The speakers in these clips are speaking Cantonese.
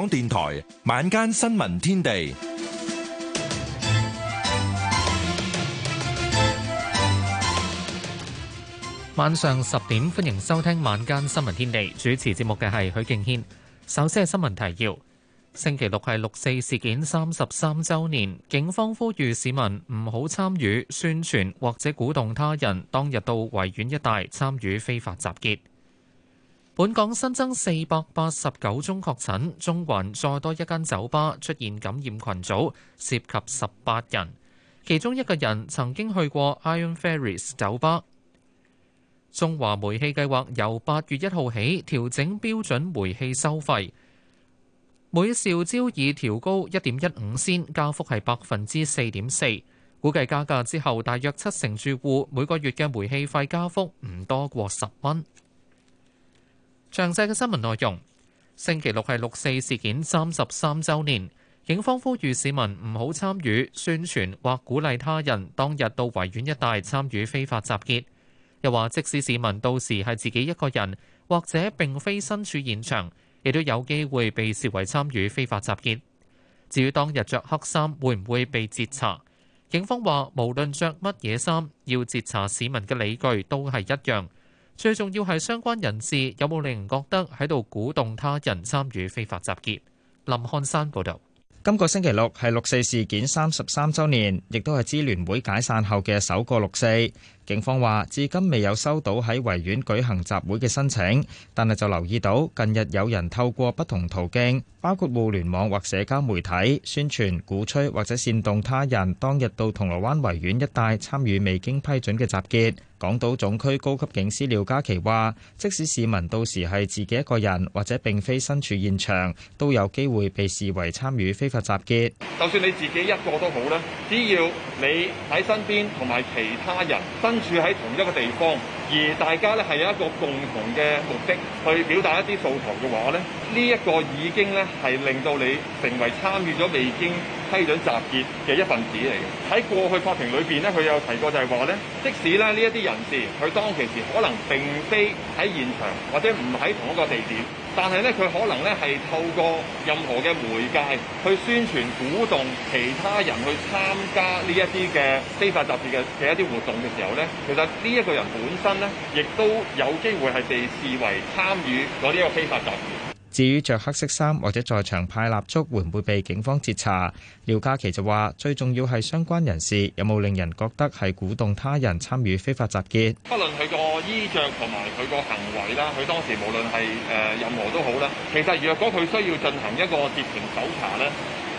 港電台晚間新聞天地，晚上十點歡迎收聽晚間新聞天地。主持節目嘅係許敬軒。首先係新聞提要，星期六係六四事件三十三周年，警方呼籲市民唔好參與宣傳或者鼓動他人當日到維園一帶參與非法集結。本港新增四百八十九宗確診，中環再多一間酒吧出現感染群組，涉及十八人，其中一個人曾經去過 Iron Fairies 酒吧。中華煤氣計劃由八月一號起調整標準煤氣收費，每兆焦耳調高一點一五仙，加幅係百分之四點四。估計加價之後，大約七成住戶每個月嘅煤氣費加幅唔多過十蚊。詳細嘅新聞內容。星期六係六四事件三十三週年，警方呼籲市民唔好參與、宣傳或鼓勵他人當日到維園一帶參與非法集結。又話，即使市民到時係自己一個人，或者並非身處現場，亦都有機會被視為參與非法集結。至於當日着黑衫會唔會被截查，警方話無論着乜嘢衫，要截查市民嘅理據都係一樣。最重要係相關人士有冇令人覺得喺度鼓動他人參與非法集結。林漢山報導。今個星期六係六四事件三十三週年，亦都係支聯會解散後嘅首個六四。警方話：至今未有收到喺維園舉行集會嘅申請，但係就留意到近日有人透過不同途徑，包括互聯網或社交媒體宣傳、鼓吹或者煽動他人當日到銅鑼灣維園一帶參與未經批准嘅集結。港島總區高級警司廖嘉琪話：即使市民到時係自己一個人或者並非身處現場，都有機會被視為參與非法集結。就算你自己一個都好咧，只要你喺身邊同埋其他人身。住喺同一個地方。而大家咧係有一個共同嘅目的去表達一啲訴求嘅話咧，呢一個已經咧係令到你成為參與咗未經批准集結嘅一份子嚟嘅。喺過去法庭裏邊咧，佢有提過就係話咧，即使咧呢一啲人士佢當其時可能並非喺現場或者唔喺同一個地點，但係咧佢可能咧係透過任何嘅媒介去宣傳鼓動其他人去參加呢一啲嘅非法集結嘅嘅一啲活動嘅時候咧，其實呢一個人本身。亦都有機會係被視為參與攞呢個非法集結。至於着黑色衫或者在場派蠟燭，會唔會被警方截查？廖家琪就話：最重要係相關人士有冇令人覺得係鼓動他人參與非法集結。不論佢個衣着同埋佢個行為啦，佢當時無論係誒任何都好啦，其實若果佢需要進行一個截停搜查咧，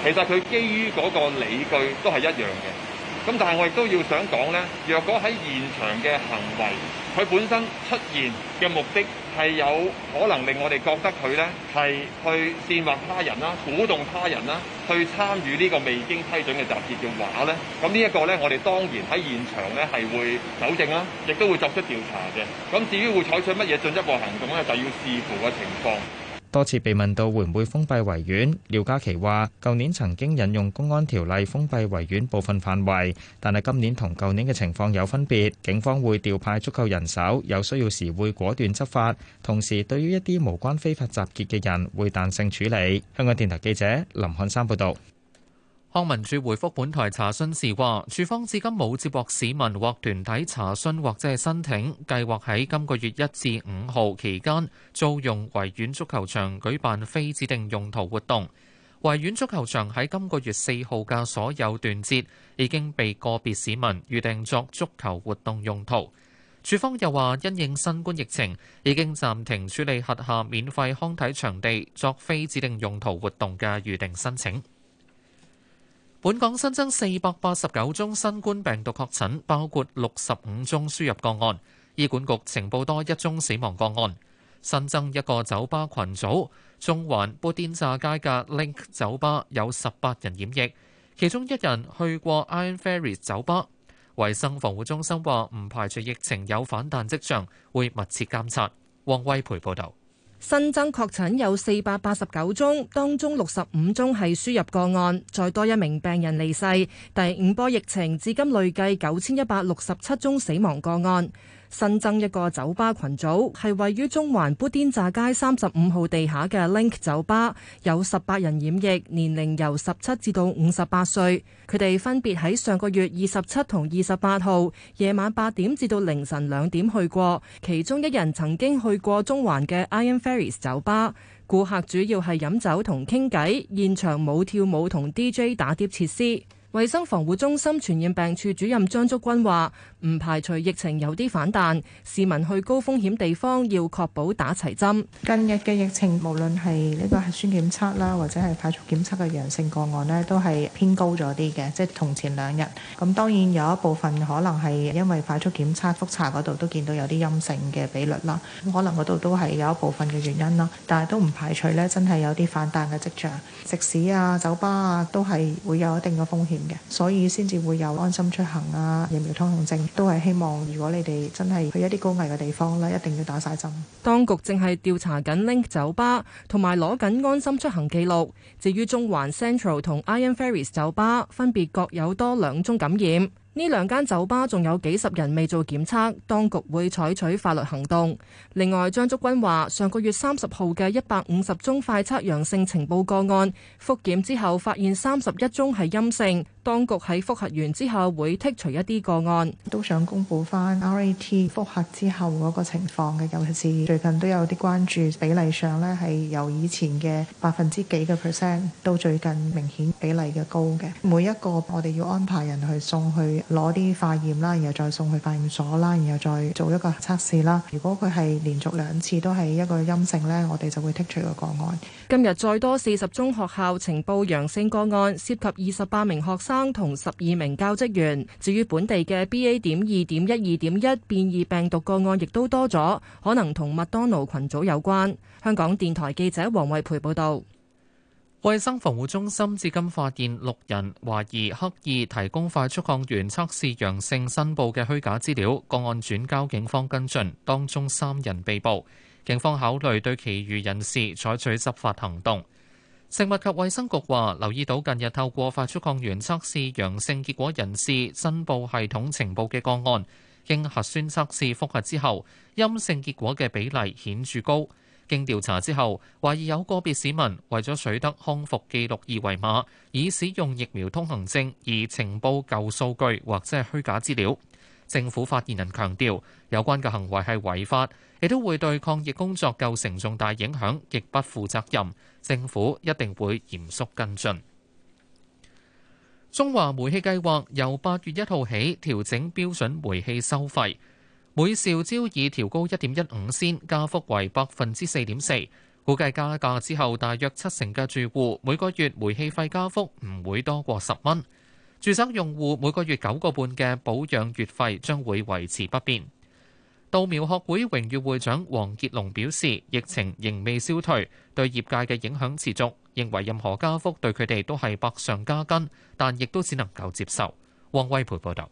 其實佢基於嗰個理據都係一樣嘅。咁但係我亦都要想講呢，若果喺現場嘅行為，佢本身出現嘅目的係有可能令我哋覺得佢呢係去煽惑他人啦、鼓動他人啦，去參與呢個未經批准嘅集結嘅話呢，咁呢一個呢，我哋當然喺現場呢係會蒐證啦，亦都會作出調查嘅。咁至於會採取乜嘢進一步行動呢？就要視乎個情況。多次被問到會唔會封閉維園，廖家琪話，舊年曾經引用公安條例封閉維園部分範圍，但係今年同舊年嘅情況有分別，警方會調派足夠人手，有需要時會果斷執法，同時對於一啲無關非法集結嘅人會彈性處理。香港電台記者林漢山報導。康文署回覆本台查詢時話，署方至今冇接獲市民或團體查詢或者申請計劃喺今個月一至五號期間租用維園足球場舉辦非指定用途活動，維園足球場喺今個月四號嘅所有段節已經被個別市民預定作足球活動用途。署方又話因應新冠疫情，已經暫停處理轄下免費康體場地作非指定用途活動嘅預定申請。本港新增四百八十九宗新冠病毒確診，包括六十五宗輸入個案。醫管局呈報多一宗死亡個案，新增一個酒吧群組，中環砵甸乍街嘅 Link 酒吧有十八人染疫，其中一人去過 Iron Fairy 酒吧。衛生防護中心話唔排除疫情有反彈跡象，會密切監察。王威培報道。新增確診有四百八十九宗，當中六十五宗係輸入個案，再多一名病人離世。第五波疫情至今累計九千一百六十七宗死亡個案。新增一個酒吧群組，係位於中環砵甸乍街三十五號地下嘅 Link 酒吧，有十八人染疫，年齡由十七至到五十八歲。佢哋分別喺上個月二十七同二十八號夜晚八點至到凌晨兩點去過，其中一人曾經去過中環嘅 Iron Fairies 酒吧。顧客主要係飲酒同傾偈，現場冇跳舞同 DJ 打碟設施。衛生防護中心傳染病處主任張竹君話：唔排除疫情有啲反彈，市民去高風險地方要確保打齊針。近日嘅疫情，無論係呢個核酸檢測啦，或者係快速檢測嘅陽性個案呢，都係偏高咗啲嘅，即係同前兩日。咁當然有一部分可能係因為快速檢測複查嗰度都見到有啲陰性嘅比率啦，咁可能嗰度都係有一部分嘅原因啦。但係都唔排除呢真係有啲反彈嘅跡象。食肆啊、酒吧啊，都係會有一定嘅風險。所以先至會有安心出行啊，疫苗通行證都係希望，如果你哋真係去一啲高危嘅地方咧，一定要打晒針。當局正係調查緊 Link 酒吧，同埋攞緊安心出行記錄。至於中環 Central 同 Iron Fairies 酒吧，分別各有多兩宗感染。呢兩間酒吧仲有幾十人未做檢測，當局會採取法律行動。另外，張竹君話：上個月三十號嘅一百五十宗快測陽性情報個案，復檢之後發現三十一宗係陰性。當局喺複核完之後會剔除一啲個案，都想公布翻 RAT 複核之後嗰個情況嘅。尤其是最近都有啲關注比例上呢係由以前嘅百分之幾嘅 percent 到最近明顯比例嘅高嘅。每一個我哋要安排人去送去攞啲化驗啦，然後再送去化驗所啦，然後再做一個測試啦。如果佢係連續兩次都係一個陰性呢，我哋就會剔除個個案。今日再多四十宗學校呈報陽性個案，涉及二十八名學生生同十二名教職員。至於本地嘅 BA. 點二點一二點一變異病毒個案，亦都多咗，可能同麥當勞群組有關。香港電台記者黃惠培報道。衞生防護中心至今發現六人懷疑刻意提供快速抗原測試陽性，申報嘅虛假資料，個案轉交警方跟進，當中三人被捕，警方考慮對其餘人士採取執法行動。食物及衛生局話，留意到近日透過發出抗原測試陽性結果人士申報系統情報嘅個案，經核酸測試覆核之後，陰性結果嘅比例顯著高。經調查之後，懷疑有個別市民為咗取得康復記錄二維碼，以使用疫苗通行證而情報舊數據或者係虛假資料。政府發言人強調，有關嘅行為係違法，亦都會對抗疫工作構成重大影響，亦不負責任。政府一定會嚴肅跟進。中華煤氣計劃由八月一號起調整標準煤氣收費，每兆焦已調高一點一五仙，加幅為百分之四點四。估計加價之後，大約七成嘅住戶每個月煤氣費加幅唔會多過十蚊。住宅用戶每個月九個半嘅保養月費將會維持不變。稻苗學會榮譽會長黃傑龍表示，疫情仍未消退，對業界嘅影響持續，認為任何加幅對佢哋都係百上加斤，但亦都只能夠接受。黃威培報道。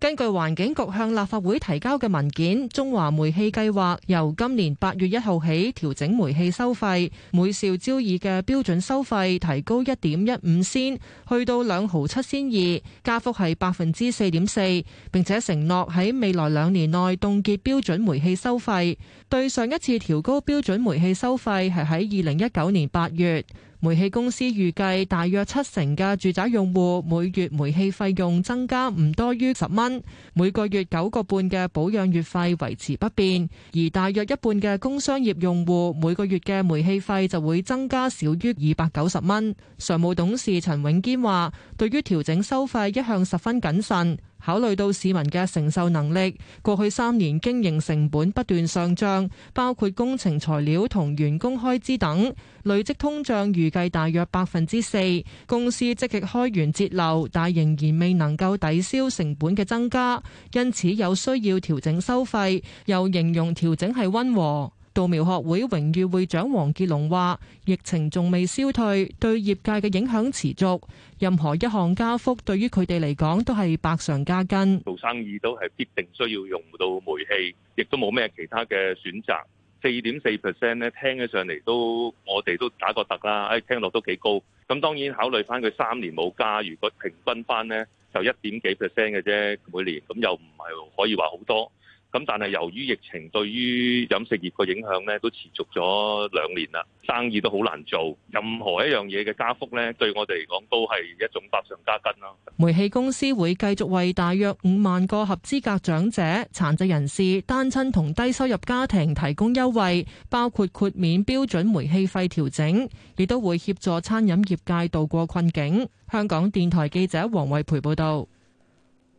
根據環境局向立法會提交嘅文件，中華煤氣計劃由今年八月一號起調整煤氣收費，每兆焦耳嘅標準收費提高一點一五仙，去到兩毫七仙二，加幅係百分之四點四，並且承諾喺未來兩年內凍結標準煤氣收費。對上一次調高標準煤氣收費係喺二零一九年八月。煤氣公司預計大約七成嘅住宅用戶每月煤氣費用增加唔多於十蚊，每個月九個半嘅保養月費維持不變，而大約一半嘅工商業用戶每個月嘅煤氣費就會增加少於二百九十蚊。常務董事陳永堅話，對於調整收費一向十分謹慎。考慮到市民嘅承受能力，過去三年經營成本不斷上漲，包括工程材料同員工開支等，累積通脹預計大約百分之四。公司積極開源節流，但仍然未能夠抵消成本嘅增加，因此有需要調整收費，又形容調整係溫和。杜苗學會榮譽會長黃傑龍話：疫情仲未消退，對業界嘅影響持續。任何一項加幅，對於佢哋嚟講都係百上加斤。做生意都係必定需要用到煤氣，亦都冇咩其他嘅選擇。四點四 percent 咧，聽起上嚟都我哋都打過突啦，誒，聽落都幾高。咁當然考慮翻佢三年冇加，如果平均翻咧，就一點幾 percent 嘅啫，每年咁又唔係可以話好多。咁但係由於疫情對於飲食業嘅影響咧，都持續咗兩年啦，生意都好難做。任何一樣嘢嘅加幅咧，對我哋嚟講都係一種百上加斤咯。煤氣公司會繼續為大約五萬個合資格長者、殘疾人士、單親同低收入家庭提供優惠，包括豁免標準煤氣費調整，亦都會協助餐飲業界渡過困境。香港電台記者黃慧培報道。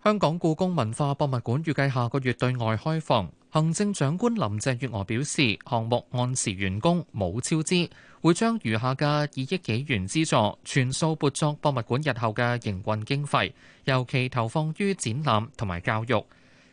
香港故宮文化博物館預計下個月對外開放。行政長官林鄭月娥表示，項目按時完工，冇超支，會將餘下嘅二億幾元資助全數撥作博物館日後嘅營運經費，尤其投放於展覽同埋教育。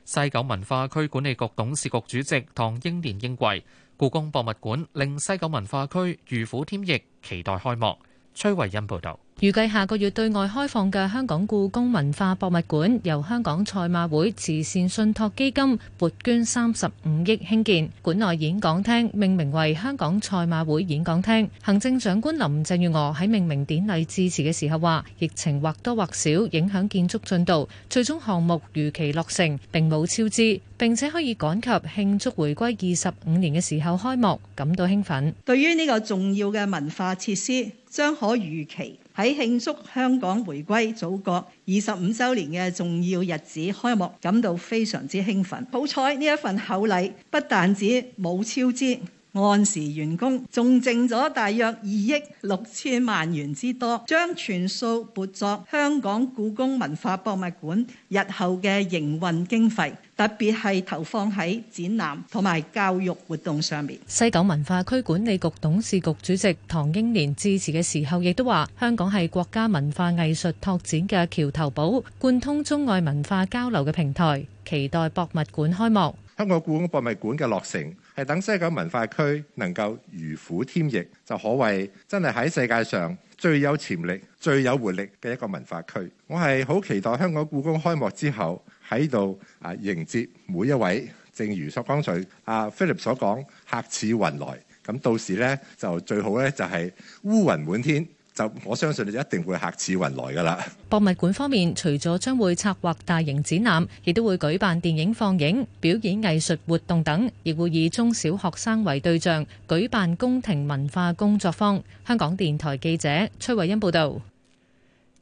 西九文化區管理局董事局主席唐英年認為，故宮博物館令西九文化區如虎添翼，期待開幕。崔慧欣報道，預計下個月對外開放嘅香港故宮文化博物館，由香港賽馬會慈善信託基金撥捐三十五億興建，館內演講廳命名為香港賽馬會演講廳。行政長官林鄭月娥喺命名典禮致辭嘅時候話，疫情或多或少影響建築進度，最終項目如期落成，並冇超支，並且可以趕及慶祝回歸二十五年嘅時候開幕，感到興奮。對於呢個重要嘅文化設施，將可如期喺慶祝香港回歸祖國二十五週年嘅重要日子開幕，感到非常之興奮。好彩呢份厚禮不但止冇超支，按時完工，仲剩咗大約二億六千萬元之多，將全數撥作香港故宮文化博物館日後嘅營運經費，特別係投放喺展覽同埋教育活動上面。西九文化區管理局董事局主席唐英年致辭嘅時候，亦都話，香港係國家文化藝術拓展嘅橋頭堡，貫通中外文化交流嘅平台。期待博物館開幕，香港故宮博物館嘅落成。等西九文化區能夠如虎添翼，就可謂真係喺世界上最有潛力、最有活力嘅一個文化區。我係好期待香港故宮開幕之後喺度啊，迎接每一位。正如剛才啊 Philip 所講，客似雲來。咁到時咧就最好咧就係烏雲滿天。就我相信，你就一定會客似雲來噶啦。博物館方面，除咗將會策劃大型展覽，亦都會舉辦電影放映、表演藝術活動等，亦會以中小學生為對象，舉辦宮廷文化工作坊。香港電台記者崔慧欣報道，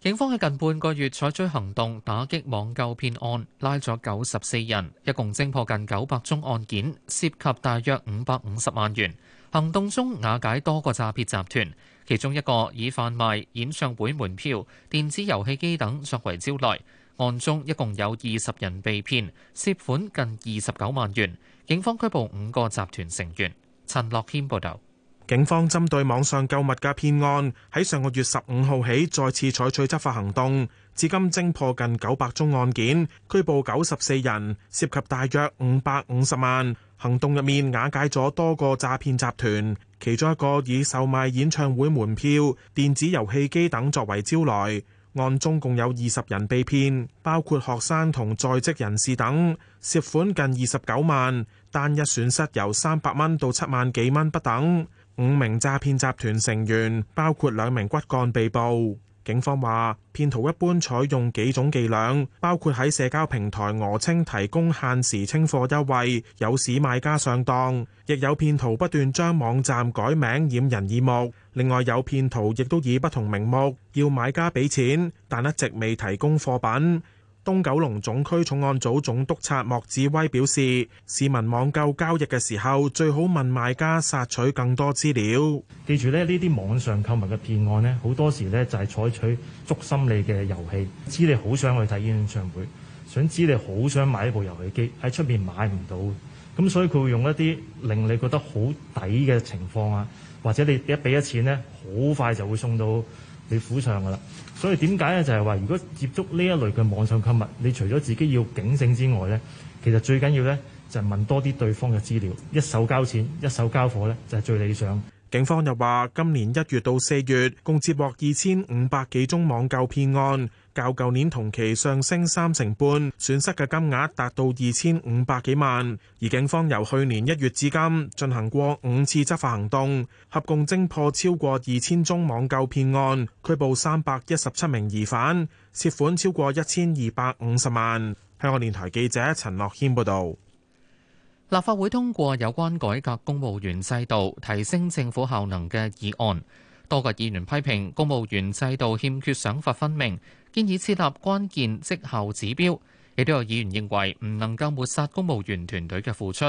警方喺近半個月採取行動，打擊網購騙案，拉咗九十四人，一共偵破近九百宗案件，涉及大約五百五十萬元。行動中瓦解多個詐騙集團。其中一個以販賣演唱會門票、電子遊戲機等作為招徠，案中一共有二十人被騙，涉款近二十九萬元。警方拘捕五個集團成員。陳樂謙報道。警方針對網上購物嘅騙案，喺上個月十五號起再次採取執法行動，至今偵破近九百宗案件，拘捕九十四人，涉及大約五百五十萬。行動入面瓦解咗多個詐騙集團，其中一個以售賣演唱會門票、電子遊戲機等作為招徠。案中共有二十人被騙，包括學生同在職人士等，涉款近二十九萬，單一損失由三百蚊到七萬幾蚊不等。五名詐騙集團成員，包括兩名骨幹被捕。警方話，騙徒一般採用幾種伎倆，包括喺社交平台訛稱提供限時清貨優惠，誘使買家上當；亦有騙徒不斷將網站改名掩人耳目。另外，有騙徒亦都以不同名目要買家俾錢，但一直未提供貨品。東九龍總區重案組總督察莫志威表示，市民網購交易嘅時候，最好問賣家索取更多資料。記住咧，呢啲網上購物嘅騙案呢，好多時呢就係採取捉心理嘅遊戲，知你好想去睇演唱會，想知你好想買一部遊戲機，喺出面買唔到，咁所以佢會用一啲令你覺得好抵嘅情況啊，或者你一俾咗錢咧，好快就會送到你府上噶啦。所以點解咧？就係話，如果接觸呢一類嘅網上購物，你除咗自己要警醒之外咧，其實最緊要咧就係問多啲對方嘅資料，一手交錢一手交貨咧就係最理想。警方又話，今年一月到四月，共接獲二千五百幾宗網購騙案。較舊年同期上升三成半，損失嘅金額達到二千五百幾萬。而警方由去年一月至今進行過五次執法行動，合共偵破超過二千宗網購騙案，拘捕三百一十七名疑犯，涉款超過一千二百五十萬。香港電台記者陳樂謙報道。立法會通過有關改革公務員制度、提升政府效能嘅議案。多個議員批評公務員制度欠缺賞罰分明，建議設立關鍵績效指標。亦都有議員認為唔能夠抹殺公務員團隊嘅付出。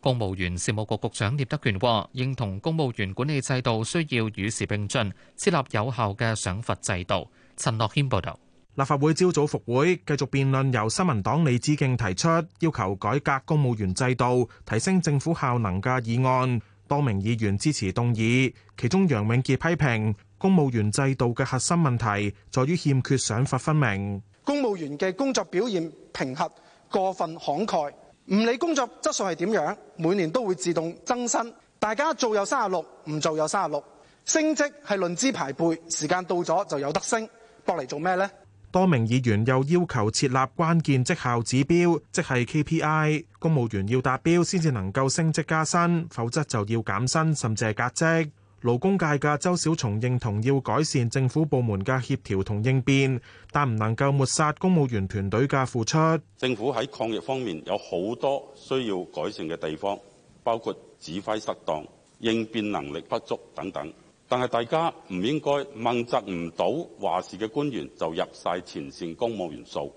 公務員事務局局長聶德權話，認同公務員管理制度需要與時並進，設立有效嘅賞罰制度。陳樂謙報道。立法會朝早復會，繼續辯論由新民黨李志敬提出要求改革公務員制度、提升政府效能嘅議案。多名議員支持動議，其中楊永傑批評公務員制度嘅核心問題，在於欠缺賞罰分明。公務員嘅工作表現評核過分慷慨，唔理工作質素係點樣，每年都會自動增薪。大家做有三十六，唔做有三十六，升職係論資排輩，時間到咗就有得升，搏嚟做咩呢？多名議員又要求設立關鍵績效指標，即係 KPI，公務員要達標先至能夠升職加薪，否則就要減薪甚至係革職。勞工界嘅周小松認同要改善政府部門嘅協調同應變，但唔能夠抹殺公務員團隊嘅付出。政府喺抗疫方面有好多需要改善嘅地方，包括指揮失當、應變能力不足等等。但係，大家唔應該問責唔到話事嘅官員就入晒前線公務員數。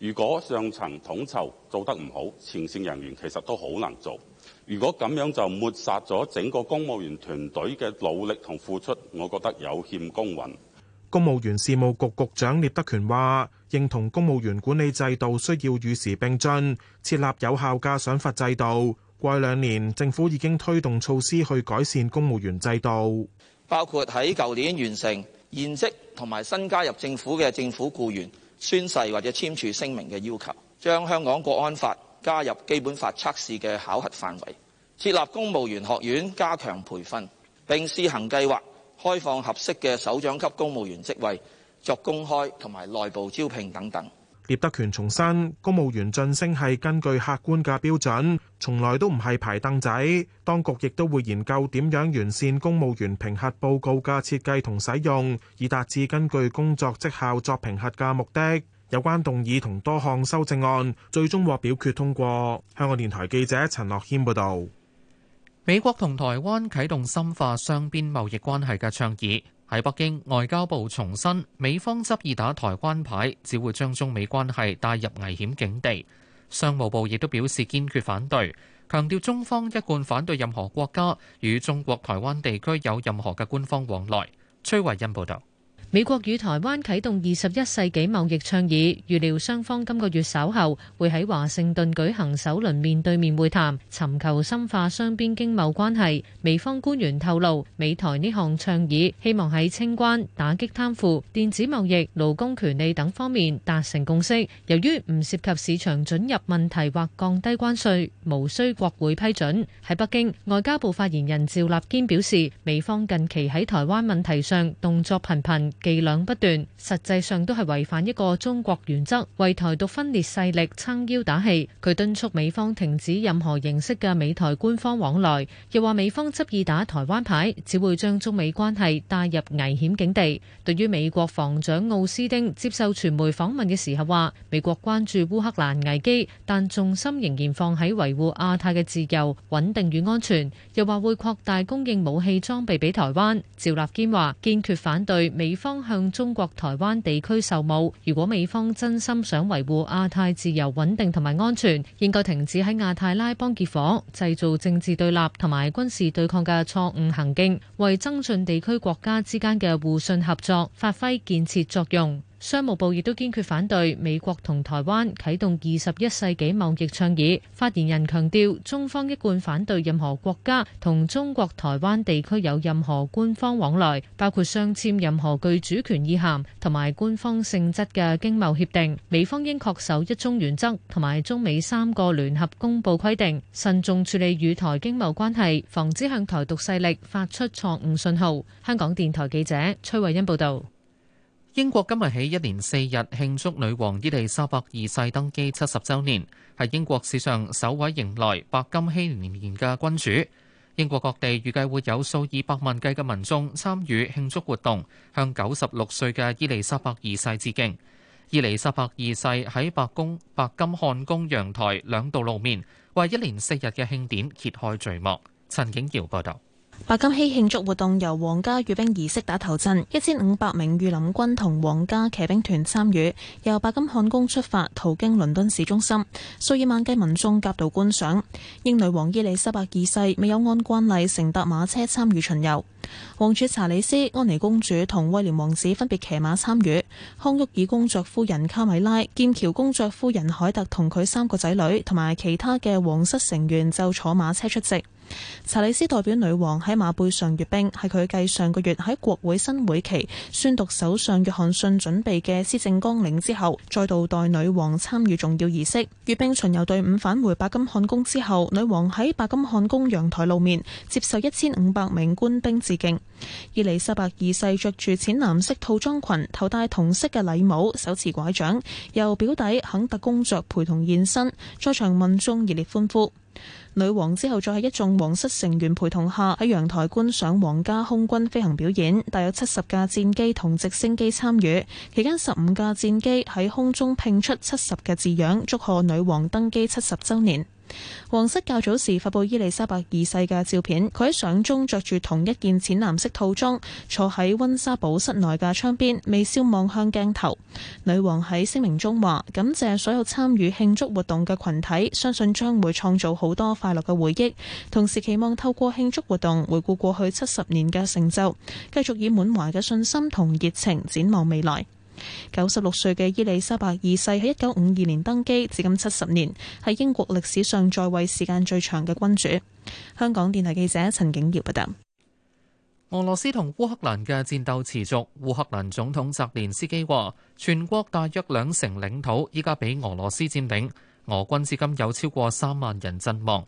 如果上層統籌做得唔好，前線人員其實都好難做。如果咁樣就抹殺咗整個公務員團隊嘅努力同付出，我覺得有欠公允。公務員事務局局，局長聶德權話，認同公務員管理制度需要與時並進，設立有效嘅賞罰制度。過去兩年，政府已經推動措施去改善公務員制度。包括喺舊年完成現職同埋新加入政府嘅政府僱員宣誓或者簽署聲明嘅要求，將香港國安法加入基本法測試嘅考核範圍，設立公務員學院加強培訓，並試行計劃開放合適嘅首長級公務員職位作公開同埋內部招聘等等。聶德權重申，公務員晉升係根據客觀嘅標準，從來都唔係排凳仔。當局亦都會研究點樣完善公務員評核報告嘅設計同使用，以達至根據工作績效作評核嘅目的。有關動議同多項修正案最終獲表決通過。香港電台記者陳樂謙報道。美國同台灣啟動深化雙邊貿易關係嘅倡議。喺北京，外交部重申美方執意打台灣牌，只會將中美關係帶入危險境地。商務部亦都表示堅決反對，強調中方一貫反對任何國家與中國台灣地區有任何嘅官方往來，崔慧欣報道。美國與台灣啟動二十一世紀貿易倡議，預料雙方今個月稍後會喺華盛頓舉行首輪面對面會談，尋求深化雙邊經貿關係。美方官員透露，美台呢項倡議希望喺清關、打擊貪腐、電子貿易、勞工權利等方面達成共識。由於唔涉及市場准入問題或降低關稅，無需國會批准。喺北京，外交部發言人趙立堅表示，美方近期喺台灣問題上動作頻頻。伎倆不斷，實際上都係違反一個中國原則，為台獨分裂勢力撐腰打氣。佢敦促美方停止任何形式嘅美台官方往來，又話美方執意打台灣牌，只會將中美關係帶入危險境地。對於美國防長奧斯丁接受傳媒訪問嘅時候話，美國關注烏克蘭危機，但重心仍然放喺維護亞太嘅自由、穩定與安全，又話會擴大供應武器裝備俾台灣。趙立堅話，堅決反對美方。方向中國台灣地區售武，如果美方真心想維護亞太自由穩定同埋安全，應該停止喺亞太拉幫結伙製造政治對立同埋軍事對抗嘅錯誤行徑，為增進地區國家之間嘅互信合作發揮建設作用。商務部亦都堅決反對美國同台灣啟動二十一世紀貿易倡議。發言人強調，中方一貫反對任何國家同中國台灣地區有任何官方往來，包括相簽任何具主權意涵同埋官方性質嘅經貿協定。美方應恪守一中原則同埋中美三個聯合公報規定，慎重處理與台經貿關係，防止向台獨勢力發出錯誤信號。香港電台記者崔慧欣報道。英國今日起一連四日慶祝女王伊麗莎白二世登基七十週年，係英國史上首位迎來白金禧年年嘅君主。英國各地預計會有數以百萬計嘅民眾參與慶祝活動，向九十六歲嘅伊麗莎白二世致敬。伊麗莎白二世喺白宮白金漢宮陽台兩度露面，為一連四日嘅慶典揭開序幕。陳景堯報道。白金禧慶祝活動由皇家閱兵儀式打頭陣，一千五百名御林軍同皇家騎兵團參與，由白金漢宮出發途經倫敦市中心，數以萬計民眾夾道觀賞，英女王伊麗莎白二世未有按慣例乘搭馬車參與巡遊，王儲查理斯、安妮公主同威廉王子分別騎馬參與，康沃爾公爵夫人卡米拉、劍橋公爵夫人凱特同佢三個仔女同埋其他嘅皇室成員就坐馬車出席。查理斯代表女王喺馬背上閱兵，係佢繼上個月喺國會新會期宣讀首相約翰遜準備嘅施政綱領之後，再度代女王參與重要儀式。閱兵巡遊隊伍返回白金漢宮之後，女王喺白金漢宮陽台露面，接受一千五百名官兵致敬。伊麗莎白二世着住淺藍色套裝裙，頭戴同色嘅禮帽，手持拐杖，由表弟肯特公爵陪同現身，在場民眾熱烈歡呼。女王之後，再喺一眾皇室成員陪同下，喺陽台觀賞皇家空軍飛行表演，大約七十架戰機同直升機參與。期間，十五架戰機喺空中拼出七十嘅字樣，祝賀女王登基七十週年。皇室較早時發布伊麗莎白二世嘅照片，佢喺相中着住同一件淺藍色套裝，坐喺溫莎堡室內嘅窗邊，微笑望向鏡頭。女王喺聲明中話：感謝所有參與慶祝活動嘅群體，相信將會創造好多快樂嘅回憶，同時期望透過慶祝活動回顧過去七十年嘅成就，繼續以滿懷嘅信心同熱情展望未來。九十六歲嘅伊麗莎白二世喺一九五二年登基，至今七十年，係英國歷史上在位時間最長嘅君主。香港電台記者陳景瑤報道。俄羅斯同烏克蘭嘅戰鬥持續。烏克蘭總統澤連斯基話，全國大約兩成領土依家俾俄羅斯佔領，俄軍至今有超過三萬人陣亡。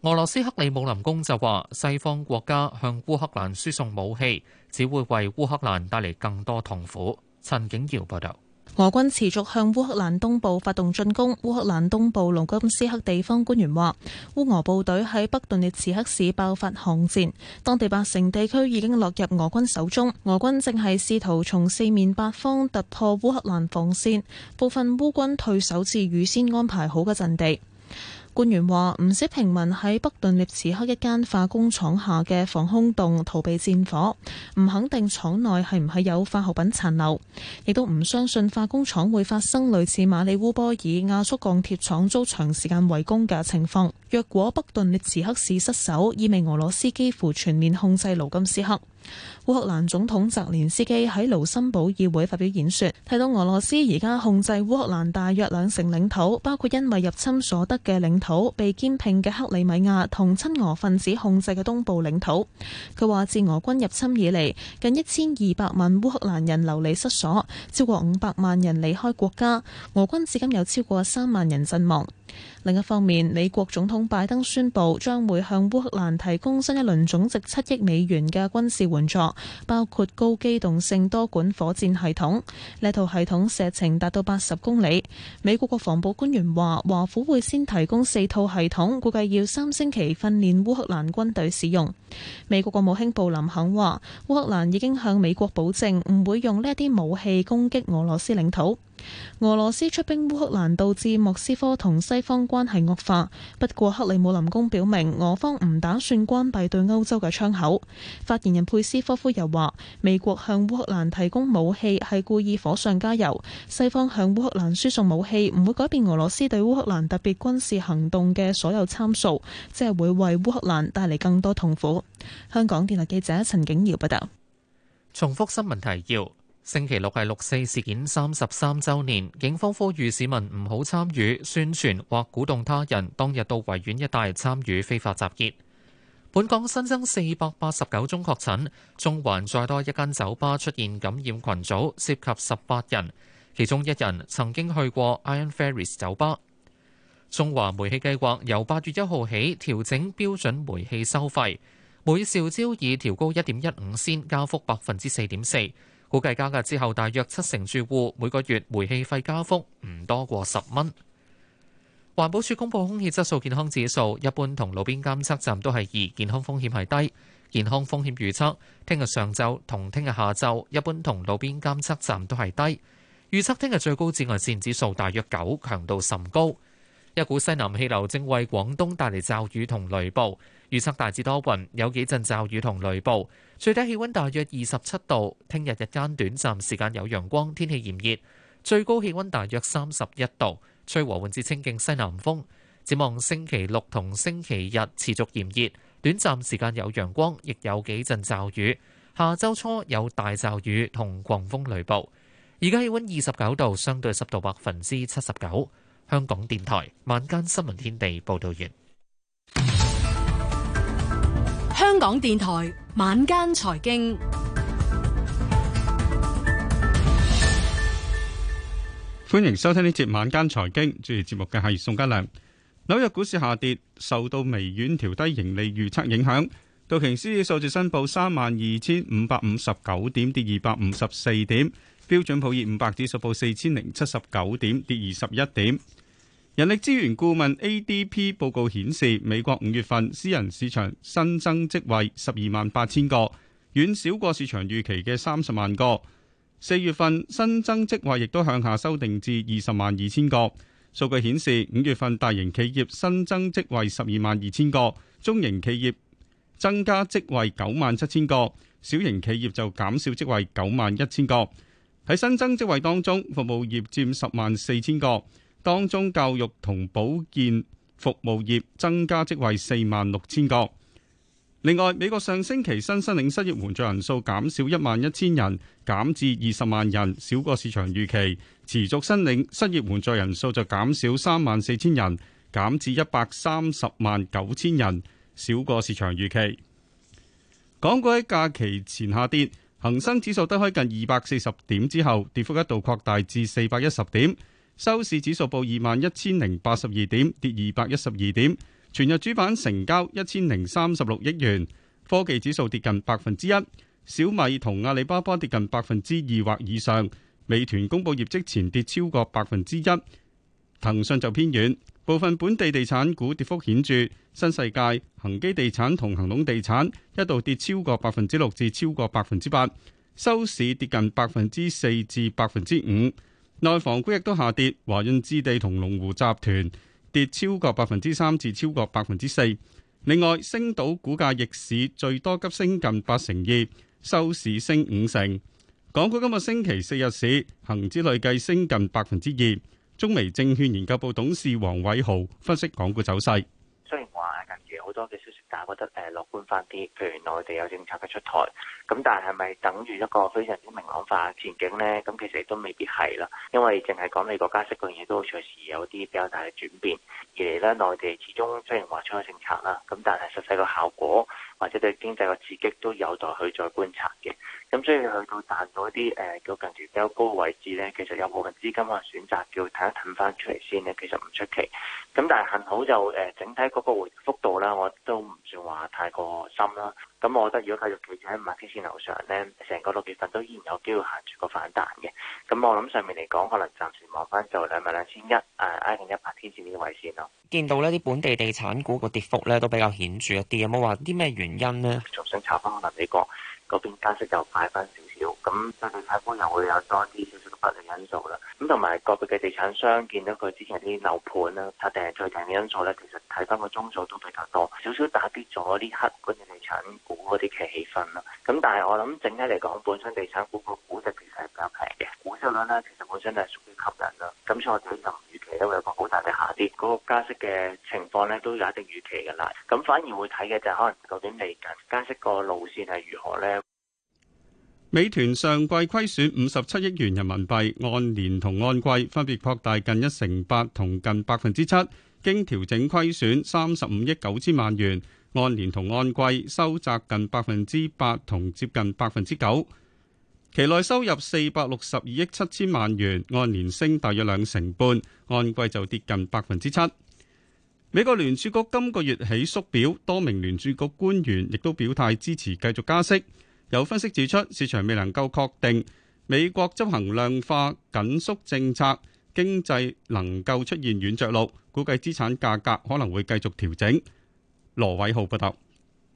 俄羅斯克里姆林宮就話，西方國家向烏克蘭輸送武器，只會為烏克蘭帶嚟更多痛苦。陳景瑤報道：俄軍持續向烏克蘭東部發動進攻。烏克蘭東部盧甘斯克地方官員話，烏俄部隊喺北頓涅茨克市爆發巷戰，當地八成地區已經落入俄軍手中。俄軍正係試圖從四面八方突破烏克蘭防線，部分烏軍退守至預先安排好嘅陣地。官員話：唔少平民喺北頓涅茨克一間化工廠下嘅防空洞逃避戰火，唔肯定廠內係唔係有化學品殘留，亦都唔相信化工廠會發生類似馬里烏波爾亞速鋼鐵廠遭長時間圍攻嘅情況。若果北頓涅茨克市失守，意味俄羅斯幾乎全面控制盧甘斯克。烏克蘭總統澤連斯基喺盧森堡議會發表演說，提到俄羅斯而家控制烏克蘭大約兩成領土，包括因為入侵所得嘅領土、被兼併嘅克里米亞同親俄分子控制嘅東部領土。佢話自俄軍入侵以嚟，近一千二百萬烏克蘭人流離失所，超過五百萬人離開國家。俄軍至今有超過三萬人陣亡。另一方面，美國總統拜登宣布將會向烏克蘭提供新一輪總值七億美元嘅軍事援助。包括高機動性多管火箭系統，呢套系統射程達到八十公里。美國國防部官員話，華府會先提供四套系統，估計要三星期訓練烏克蘭軍隊使用。美國國務卿布林肯話，烏克蘭已經向美國保證唔會用呢一啲武器攻擊俄羅斯領土。俄羅斯出兵烏克蘭導致莫斯科同西方關係惡化。不過克里姆林宮表明，俄方唔打算關閉對歐洲嘅窗口。發言人佩斯科夫又話，美國向烏克蘭提供武器係故意火上加油。西方向烏克蘭輸送，送武器唔會改變俄羅斯對烏克蘭特別軍事行動嘅所有參數，即係會為烏克蘭帶嚟更多痛苦。香港電台記者陳景堯報道。嗯、重複新聞提要。星期六係六四事件三十三周年，警方呼籲市民唔好參與宣傳或鼓動他人當日到維園一帶參與非法集結。本港新增四百八十九宗確診，中環再多一間酒吧出現感染群組，涉及十八人，其中一人曾經去過 Iron Fairies 酒吧。中華煤氣計劃由八月一號起調整標準煤氣收費，每兆焦耳調高一點一五仙，加幅百分之四點四。估計加價之後，大約七成住戶每個月煤氣費加幅唔多過十蚊。環保署公布空氣質素健康指數，一般同路邊監測站都係二，健康風險係低。健康風險預測，聽日上晝同聽日下晝，一般同路邊監測站都係低。預測聽日最高紫外線指數大約九，強度甚高。一股西南氣流正為廣東帶嚟驟雨同雷暴。預測大致多雲，有幾陣驟雨同雷暴，最低氣溫大約二十七度。聽日日間短暫時間有陽光，天氣炎熱，最高氣溫大約三十一度，吹和緩至清勁西南風。展望星期六同星期日持續炎熱，短暫時間有陽光，亦有幾陣驟雨。下周初有大驟雨同狂風雷暴。而家氣溫二十九度，相對濕度百分之七十九。香港電台晚間新聞天地報道完。香港電台晚間財經，歡迎收聽呢節晚間財經。主持節目嘅係宋嘉良。紐約股市下跌，受到微軟調低盈利預測影響。道瓊斯指數升報三萬二千五百五十九點，跌二百五十四點。標準普爾五百指數報四千零七十九點，跌二十一點。人力資源顧問 ADP 報告顯示，美國五月份私人市場新增職位十二萬八千個，遠少過市場預期嘅三十萬個。四月份新增職位亦都向下修訂至二十萬二千個。數據顯示，五月份大型企業新增職位十二萬二千個，中型企業增加職位九萬七千個，小型企業就減少職位九萬一千個。喺新增職位當中，服務業佔十萬四千個。當中教育同保健服務業增加職位四萬六千個。另外，美國上星期新申領失業援助人數減少一萬一千人，減至二十萬人，少過市場預期。持續申領失業援助人數就減少三萬四千人，減至一百三十萬九千人，少過市場預期。港股喺假期前下跌，恒生指數低開近二百四十點之後，跌幅一度，度擴大至四百一十點。收市指數報二萬一千零八十二點，跌二百一十二點。全日主板成交一千零三十六億元。科技指數跌近百分之一，小米同阿里巴巴跌近百分之二或以上。美團公布業績前跌超過百分之一，騰訊就偏軟。部分本地地產股跌幅顯著，新世界、恒基地產同恒隆地產一度跌超過百分之六至超過百分之八，收市跌近百分之四至百分之五。內房股亦都下跌，華潤置地同龍湖集團跌超過百分之三至超過百分之四。另外，星島股價逆市最多急升近八成二，收市升五成。港股今個星期四日市，恒指累計升近百分之二。中微證券研究部董事黃偉豪分析港股走勢。多嘅消息，大家覺得誒樂觀翻啲。譬如內地有政策嘅出台，咁但係咪等住一個非常之明朗化嘅前景呢？咁其實亦都未必係啦，因為淨係講你國家式嗰樣嘢都隨時有啲比較大嘅轉變。而嚟咧，內地始終雖然話出咗政策啦，咁但係實際個效果或者對經濟嘅刺激都有待去再觀察嘅。咁所以去到彈到一啲誒、呃、叫近期比較高嘅位置咧，其實有部分資金可能選擇叫睇一騰翻出嚟先咧，其實唔出奇。咁但係幸好就誒、呃、整體嗰個回覆幅度咧，我都唔算話太過深啦。咁我覺得如果繼續企住喺五百天線樓上咧，成個六月份都依然有機會行住個反彈嘅。咁我諗上面嚟講，可能暫時望翻就兩萬兩千一誒，挨近一百天線呢個位先咯。見到呢啲本地地產股個跌幅咧都比較顯著一啲，有冇話啲咩原因呢？仲想查翻可能美國。嗰邊加息就快翻少少，咁對地產股又會有多啲少少嘅不利因素啦。咁同埋個別嘅地產商見到佢之前啲樓盤啦，下、啊、跌最近嘅因素咧，其實睇翻個宗數都比較多，少少打擊咗啲呢刻嘅地產股嗰啲嘅氣氛啦。咁但係我諗整體嚟講，本身地產股個估值其實係比較平嘅，股息率咧其實本身係屬於吸引咯。咁所以我哋就～嗰個加息嘅情況呢都有一定預期㗎啦，咁反而會睇嘅就係可能究竟嚟緊加息個路線係如何呢？美團上季虧損五十七億元人民幣，按年同按季分別擴大近一成八同近百分之七，經調整虧損三十五億九千萬元，按年同按季收窄近百分之八同接近百分之九。期內收入四百六十二億七千萬元，按年升大約兩成半，按季就跌近百分之七。美國聯儲局今個月起縮表，多名聯儲局官員亦都表態支持繼續加息。有分析指出，市場未能夠確定美國執行量化緊縮政策，經濟能夠出現軟着陸，估計資產價格可能會繼續調整。羅偉浩報道。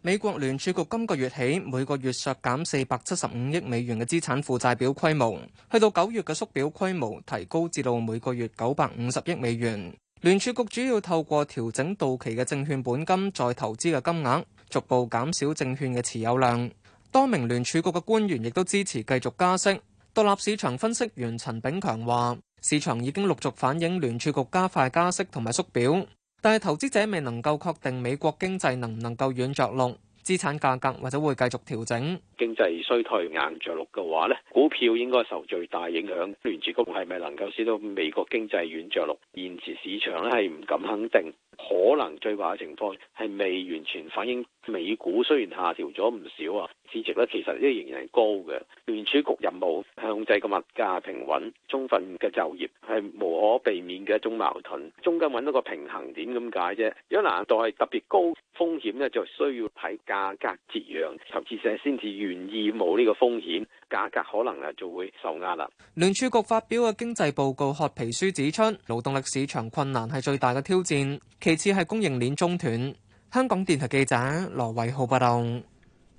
美國聯儲局今個月起每個月削減四百七十五億美元嘅資產負債表規模，去到九月嘅縮表規模提高至到每個月九百五十億美元。聯儲局主要透過調整到期嘅證券本金再投資嘅金額，逐步減少證券嘅持有量。多名聯儲局嘅官員亦都支持繼續加息。獨立市場分析員陳炳強話，市場已經陸續反映聯儲局加快加息同埋縮表。但係投資者未能夠確定美國經濟能唔能夠軟着陸，資產價格或者會繼續調整。經濟衰退硬着陸嘅話咧，股票應該受最大影響。聯儲局係咪能夠使到美國經濟軟着陸？現時市場咧係唔敢肯定，可能最壞嘅情況係未完全反映。美股雖然下調咗唔少啊，市值咧其實依然係高嘅。聯儲局任務係控制個物價平穩，充分嘅就業係無可避免嘅一種矛盾，中間揾到個平衡點咁解啫。如果難度係特別高風險咧，就需要喺價格折讓，投資者先至願意冒呢個風險，價格可能啊就會受壓啦。聯儲局發表嘅經濟報告學皮書指出，勞動力市場困難係最大嘅挑戰，其次係供應鏈中斷。香港電台記者羅偉浩報道：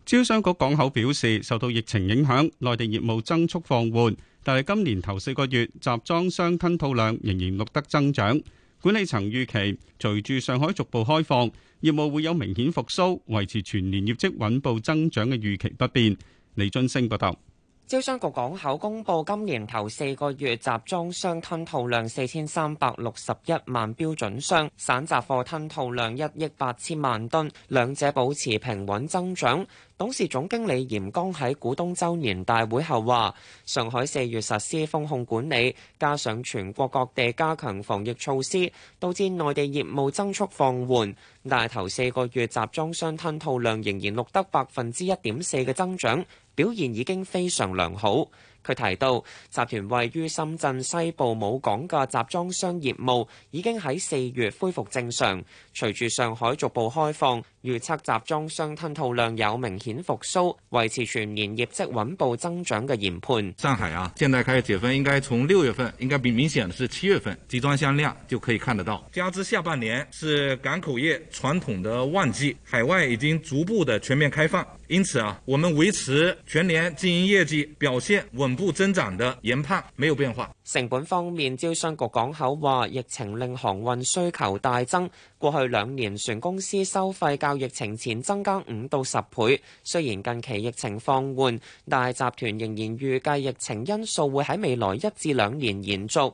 招商局港口表示，受到疫情影響，內地業務增速放緩，但係今年頭四個月集裝箱吞吐量仍然錄得增長。管理層預期，隨住上海逐步開放，業務會有明顯復甦，維持全年業績穩步增長嘅預期不變。李津升報道。招商局港口公佈，今年頭四個月集裝箱吞吐量四千三百六十一萬標準箱，散雜貨吞吐量一億八千萬噸，兩者保持平穩增長。董事總經理嚴剛喺股東周年大會後話，上海四月實施風控管理，加上全國各地加強防疫措施，導致內地業務增速放緩，但頭四個月，集裝箱吞吐量仍然錄得百分之一點四嘅增長，表現已經非常良好。佢提到，集團位於深圳西部母港嘅集裝箱業務已經喺四月恢復正常。隨住上海逐步開放，預測集裝箱吞吐量有明顯復甦，維持全年業績穩步增長嘅研判。上海啊，現在開始解封應該從六月份，應該比明顯的是七月份，集裝箱量就可以看得到。加之下半年是港口業傳統的旺季，海外已經逐步的全面開放。因此啊，我們維持全年經營業績表現穩步增長的研判沒有變化。成本方面，招商局港口話，疫情令航運需求大增，過去兩年船公司收費較疫情前增加五到十倍。雖然近期疫情放緩，但係集團仍然預計疫情因素會喺未來一至兩年延續。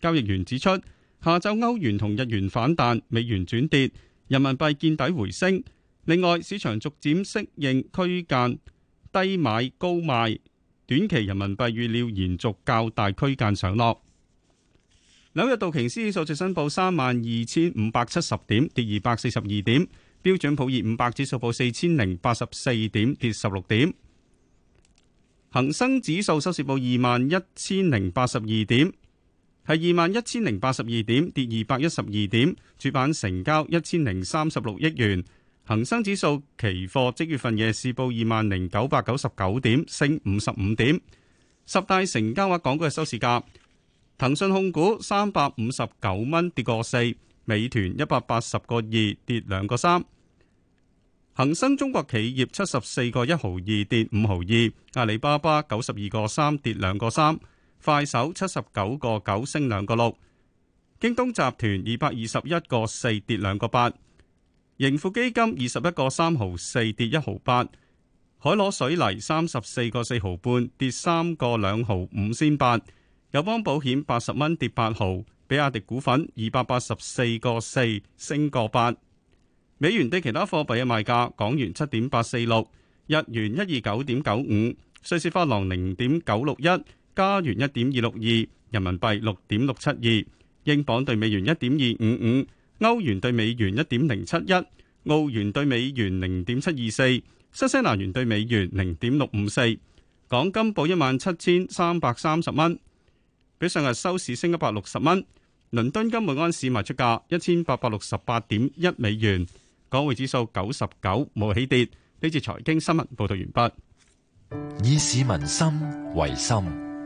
交易員指出，下晝歐元同日元反彈，美元轉跌，人民幣見底回升。另外，市場逐漸適應區間低買高賣，短期人民幣預料延續較大區間上落。紐約道瓊斯指數再新報三萬二千五百七十點，跌二百四十二點；標準普爾五百指數報四千零八十四點，跌十六點；恒生指數收市報二萬一千零八十二點。係二萬一千零八十二點，跌二百一十二點，主板成交一千零三十六億元。恒生指數期貨即月份夜市報二萬零九百九十九點，升五十五點。十大成交額港股嘅收市價：騰訊控股三百五十九蚊，跌個四；美團一百八十個二，跌兩個三。恒生中國企業七十四個一毫二，跌五毫二；阿里巴巴九十二個三，跌兩個三。快手七十九個九升兩個六，京東集團二百二十一個四跌兩個八，盈富基金二十一個三毫四跌一毫八，海螺水泥三十四個四毫半跌三個兩毫五仙八，友邦保險八十蚊跌八毫，比亞迪股份二百八十四個四升個八，美元對其他貨幣嘅賣價，港元七點八四六，日元一二九點九五，瑞士法郎零點九六一。加元一點二六二，人民幣六點六七二，英鎊兌美元一點二五五，歐元兌美元一點零七一，澳元兌美元零點七二四，新西蘭元兌美元零點六五四。港金報一萬七千三百三十蚊，比上日收市升一百六十蚊。倫敦金每安士賣出價一千八百六十八點一美元，港匯指數九十九，冇起跌。呢次財經新聞報道完畢。以市民心為心。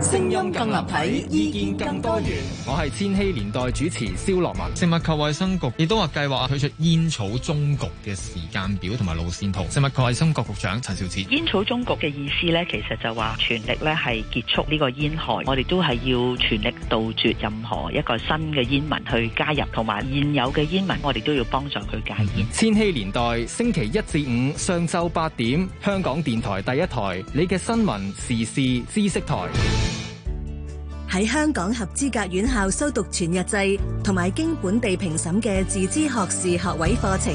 聲音更立體，意見更多元。我係千禧年代主持蕭樂文。食物及衛生局亦都話計劃推出煙草終局嘅時間表同埋路綫圖。食物及衛生局局，局長陳肇始，煙草終局嘅意思咧，其實就話全力咧係結束呢個煙害。我哋都係要全力杜絕任何一個新嘅煙民去加入，同埋現有嘅煙民，我哋都要幫助佢戒煙。嗯、哼千禧年代星期一至五上晝八點，香港電台第一台，你嘅新聞時事知識台。喺香港合資格院校修讀全日制同埋經本地評審嘅自資學士學位課程，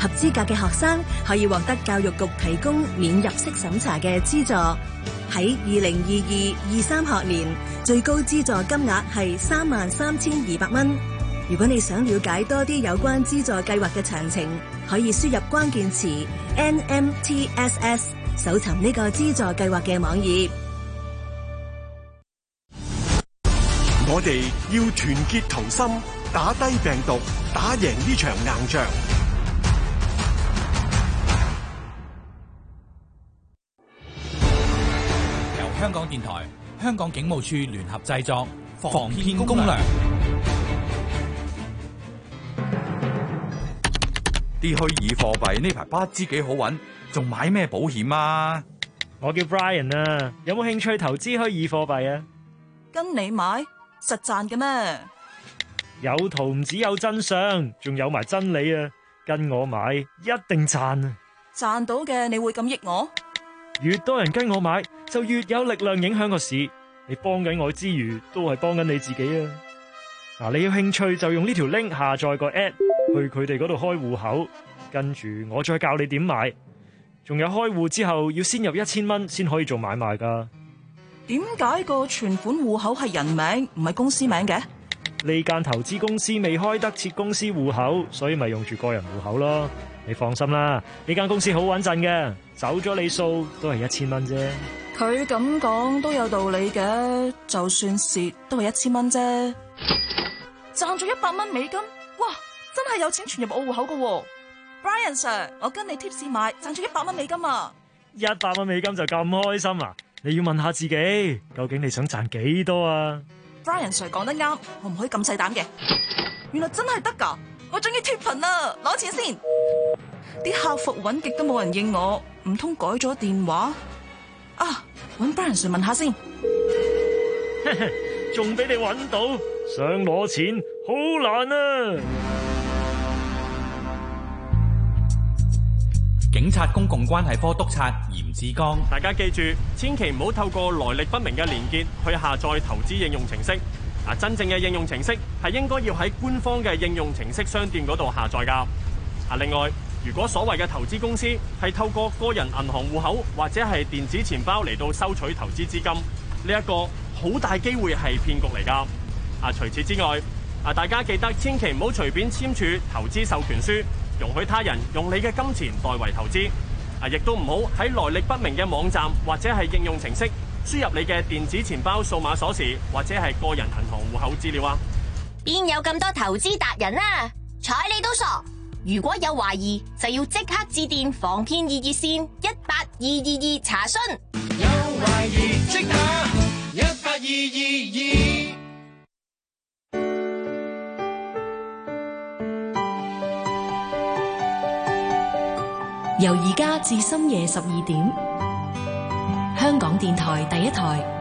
合資格嘅學生可以獲得教育局提供免入息審查嘅資助。喺二零二二二三學年，最高資助金額係三萬三千二百蚊。如果你想了解多啲有關資助計劃嘅詳情，可以輸入關鍵詞 NMTSS，搜尋呢個資助計劃嘅網頁。我哋要團結同心，打低病毒，打贏呢場硬仗。由香港電台、香港警務處聯合製作《防騙攻略》。啲虛擬貨幣呢排不知幾好搵，仲買咩保險啊？我叫 Brian 啊，有冇興趣投資虛擬貨幣啊？跟你買？實賺嘅咩？有圖唔只有真相，仲有埋真理啊！跟我買一定賺啊！賺到嘅你會咁益我？越多人跟我買，就越有力量影響個市。你幫緊我之餘，都係幫緊你自己啊！嗱，啊，你要興趣就用呢條 link 下載個 app，去佢哋嗰度開戶口，跟住我再教你點買。仲有開戶之後要先入一千蚊先可以做買賣噶。點解個存款戶口係人名唔係公司名嘅？呢間投資公司未開得設公司戶口，所以咪用住個人戶口咯。你放心啦，呢間公司好穩陣嘅，走咗你數都係一千蚊啫。佢咁講都有道理嘅，就算蝕都係一千蚊啫。賺咗一百蚊美金，哇！真係有錢存入我戶口嘅，Brian Sir，我跟你貼士買賺咗一百蚊美金啊！一百蚊美金就咁開心啊！你要問下自己，究竟你想賺幾多啊？Brian Sir 講得啱，我唔可以咁細膽嘅。原來真係得㗎，我終於脫貧啦！攞錢先。啲客服揾極都冇人應我，唔通改咗電話啊？搵 Brian Sir 問下先。仲俾 你揾到？想攞錢好難啊！警察公共關係科督察嚴志剛，大家記住，千祈唔好透過來歷不明嘅連結去下載投資應用程式。嗱，真正嘅應用程式係應該要喺官方嘅應用程式商店嗰度下載噶。啊，另外，如果所謂嘅投資公司係透過個人銀行戶口或者係電子錢包嚟到收取投資資金，呢一個好大機會係騙局嚟噶。啊，除此之外，啊，大家記得千祈唔好隨便簽署投資授權書。容許他人用你嘅金錢代為投資，啊，亦都唔好喺來歷不明嘅網站或者係應用程式輸入你嘅電子錢包、數碼鎖匙或者係個人銀行戶口資料啊！邊有咁多投資達人啊？睬你都傻！如果有懷疑，就要即刻致電防騙熱線一八二二二查詢。有懷疑即打一八二二二。由而家至深夜十二點，香港電台第一台。